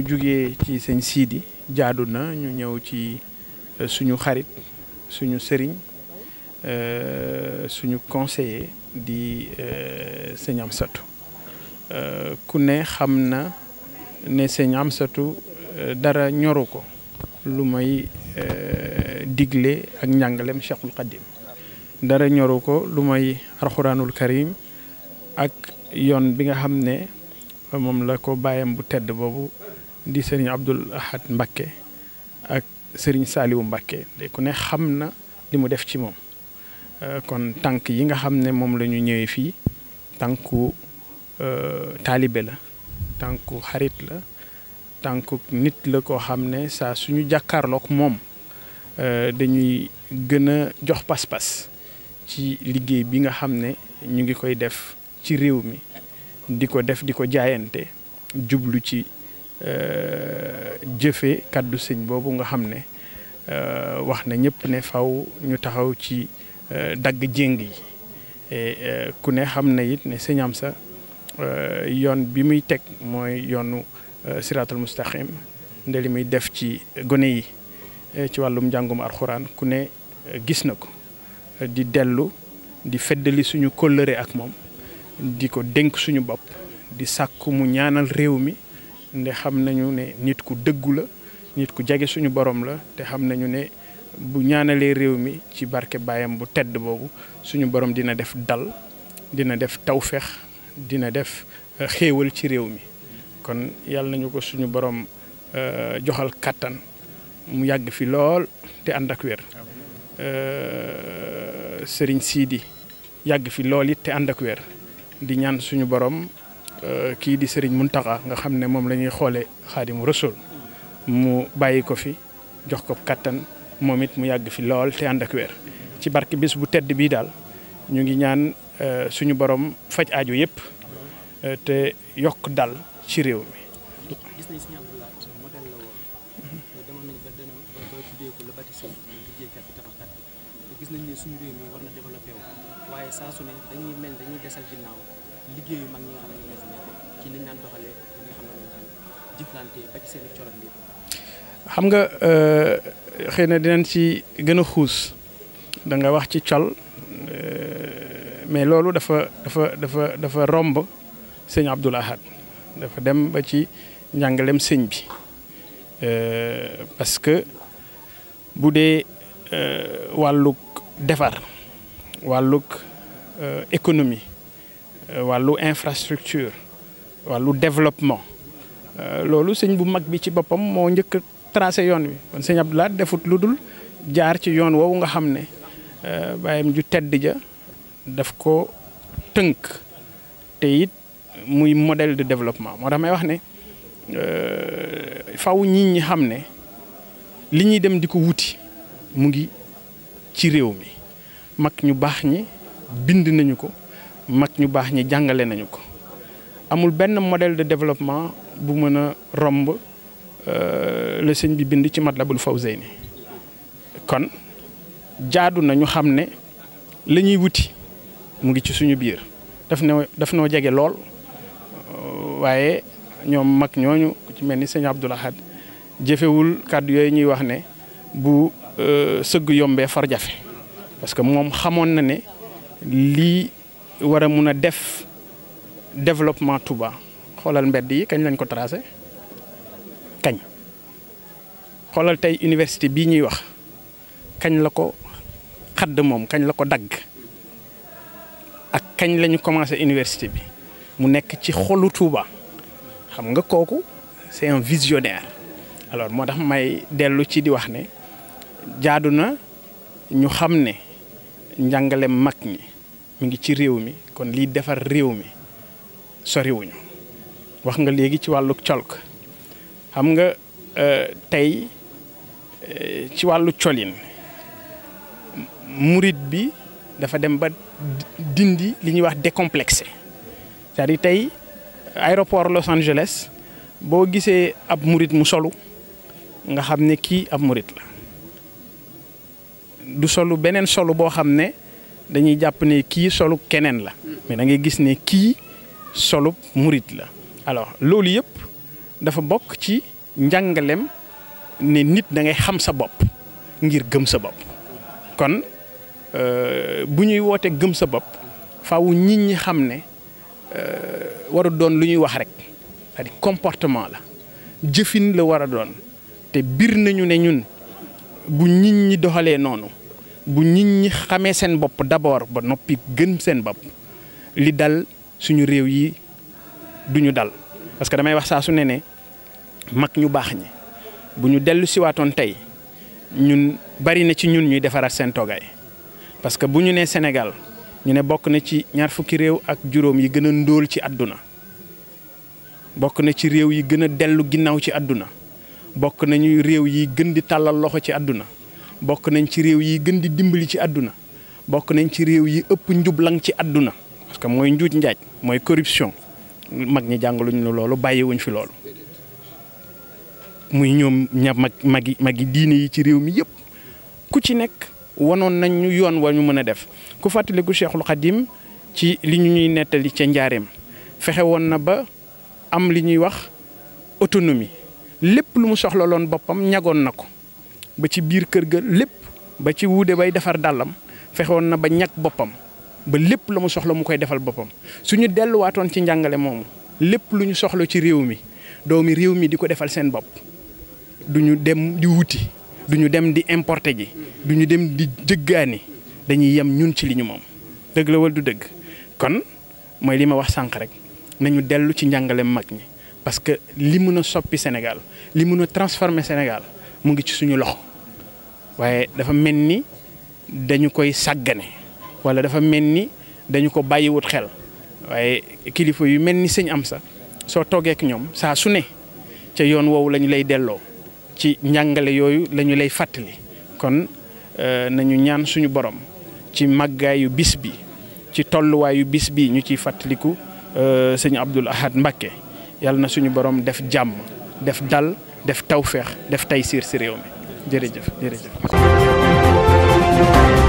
ñu jugee ci sëñ siidi jaadu na ñu ñëw ci euh, suñu xarit suñu sëriñ euh, suñu conseiller di euh, sëñ Amsatu ku ne xam na ne sëñ Amsatu dara ñoru ko lu may digle ak njàngalem Cheikhul Xadim dara ñoru ko lu may alxuraanul karim ak yoon bi nga xam ne moom la ko bàyyam bu tedd boobu di sëriñ Abdul Ahad Mbakke ak sëriñ Saaliwu Mbakke ku ne xam na li mu def ci moom euh, kon tànk yi nga xam ne moom lañu ñëwee fii tànku euh, taalibe la tànku xarit la tànku nit la koo xam ne saa suñu jàkkaarlook moom euh, dañuy gën a jox pas-pas ci liggéey bi nga xam ne ñu ngi koy def ci réew mi di ko def di ko jaayante jublu ci Euh, jëfe kàddu sëñ boobu nga xam ne euh, wax na ñëpp ne faw ñu taxaw ci euh, dagg jéng yi ku ne xam na it ne sëñ Amsa yoon bi muy teg mooy yoonu siraatul mustaqim nde li muy def ci gone yi ci wàllum njàngum alxuraan ku ne gis na ko di dellu di feddali suñu kóllëre ak moom di ko dénk suñu bopp di sàkku mu ñaanal réew mi nde xam nañu ne nit ku dëggu la nit ku jege suñu borom la te xam nañu ne bu ñaanalee réew mi ci barke baayam bu tedd boobu suñu borom dina def dal dina def tawféex dina def euh, xéewal ci réew mi kon yàlla nañu ko suñu borom euh, joxal kàttan mu yàgg fi lool te ànd ak wér euh, sëriñ Sidi yàgg fi lool it te ànd ak wér di ñaan suñu borom Euh, kii di mun taxa nga xam ne moom lañuy ñuy xoolee xaadimu rasul mu bàyyi ko fi jox ko kàttan moom it mu yàgg fi lool te ànd ci barke bis bu tedd bii daal ñu ngi ñaan euh, suñu boroom faj aajo yëpp euh, te yokk dal ci réew mi. gis nañ ne suñu réew mi war liggéeyu mag ñi nga xam nga xam euh, xëy na dinañ ci gën a xuus da nga wax ci col euh, mais loolu dafa dafa dafa dafa romb sëñ Abdoul Ahad dafa dem ba ci njàngalem sëñ bi euh, parce que bu dee wàllug defar wàllug économie. Euh, wàllu infrastructure wàllu développement euh, loolu sëñ bu mag bi ci boppam moo njëkk a tracé yoon wi kon sëñ laa Lahad defut lu dul jaar ci yoon woowu nga xam ne euh, bàyyam ju tedd ja daf ko tënk te it muy modèle de développement moo tax may wax ne faw ñi ñi xam ne li ñuy dem di ko wuti mu ngi ci réew mi mag ñu baax ñi bind nañu ko mag ñu baax ñi jàngale nañu ko amul benn modèle de développement bu mën a romb euh, la sëñ bi bind ci Matlabul Fawzayni kon jaadu na ñu xam ne la ñuy wuti mu ngi ci suñu biir daf noo noo jege lool euh, waaye ñoom mag ñooñu ci mel ni sëñ Abdoul Ahad jëfewul kàddu yooyu ñuy wax ne bu euh, sëgg yombee far jafe moom xamoon na ne lii war a mun a def développement Touba xoolal mbedd yi kañ lañ ko tracé kañ xoolal tey université bii ñuy wax kañ la ko xadd moom kañ la ko dagg ak kañ lañu commencé université bi mu nekk ci xolu Touba xam nga kooku c'est un visionnaire alors moo tax may dellu ci di wax ne jaadu na ñu xam ne njàngale mag ñi mu ngi ci réew mi kon liy defar réew mi soriwuñu wax nga léegi ci wàllu colk xam nga euh, tey euh, ci wàllu colin murit bi dafa dem ba dindi li ñuy wax décomplexé cest à tey aéroport Los Angeles boo gisee ab murit mu solu nga xam ne kii ab murit la du solu beneen solu boo xam ne dañuy jàpp ne kii solu keneen la mais da ngay gis ne kii solub murit la alors loolu yëpp dafa bokk ci njàngalem ne nit da ngay xam sa bopp ngir gëm sa bopp kon euh, bu ñuy woote gëm sa bopp faaw nit ñi xam ne euh, waru doon lu ñuy wax rek cest à comportement la jëfin la war a doon te bir nañu ne ñun bu nit ñi doxalee noonu bu nit ñi xamee seen bopp d'abord ba noppi gën seen bopp li dal suñu réew yi duñu dal parce que damay wax saa su ne ne mag ñu baax ñi bu ñu dellu siwaatoon tey ñun bari na ci ñun ñuy defaraat seen toogaay parce que bu ñu nee Sénégal ñu ne bokk na ci ñaar réew ak juróom yi gën a ndóol ci àdduna bokk na ci réew yi gën a dellu ginnaaw ci àdduna bokk nañu réew yi gën di tàllal loxo ci àdduna bokk nañ ci réew yi gën di dimbali ci àdduna bokk nañ ci réew yi ëpp njublang ci àdduna parce que mooy njuuj njaaj mooy corruption mag ñi jàngaluñ la loolu wuñ fi loolu muy ñoom ña mag magi magi diine yi ci réew mi yëpp ku ci nekk wanoon nañ ñu yoon wa ñu mën a def ku fàttale fàttaliku Cheikhul Khadim ci li ñu ñuy nettali ca njaareem fexe woon na ba am li ñuy wax autonomie lépp lu mu soxla boppam ñagoon na ko ba ci biir kër ga lépp ba ci wuude bay defar dàllam fexewoon na ba ñàkk boppam ba lépp la mu soxla mu koy defal boppam suñu delluwaatoon ci njàngale moomu lépp lu ñu soxla ci réew mi doomi réew mi di ko defal seen bopp du ñu dem di wuti du ñu dem di importer ji du ñu dem di jëggaani dañuy yem ñun ci li ñu moom dëgg la wala du dëgg kon mooy li ma wax sànq rek nañu dellu ci njàngale mag ñi parce que li mun a soppi Sénégal li mun a transformer Sénégal mu ngi ci suñu loxo waaye dafa mel ni dañu koy sàggane wala dafa mel ni dañu ko bàyyiwut xel waaye kilifa yu mel ni sëñ am sa soo toogee ak ñoom saa su ne ca yoon woowu lañu lay delloo ci njàngale yooyu lañu lay fàttali kon euh, nañu ñaan suñu borom ci màggaayu bis bi ci tolluwaayu bis bi ñu ciy fàttaliku euh, sëñ Abdul Ahad Mbacké yàlla na suñu borom def jàmm def dal def tawféex def taysiir si réew mi jërëjëf jërëjëf.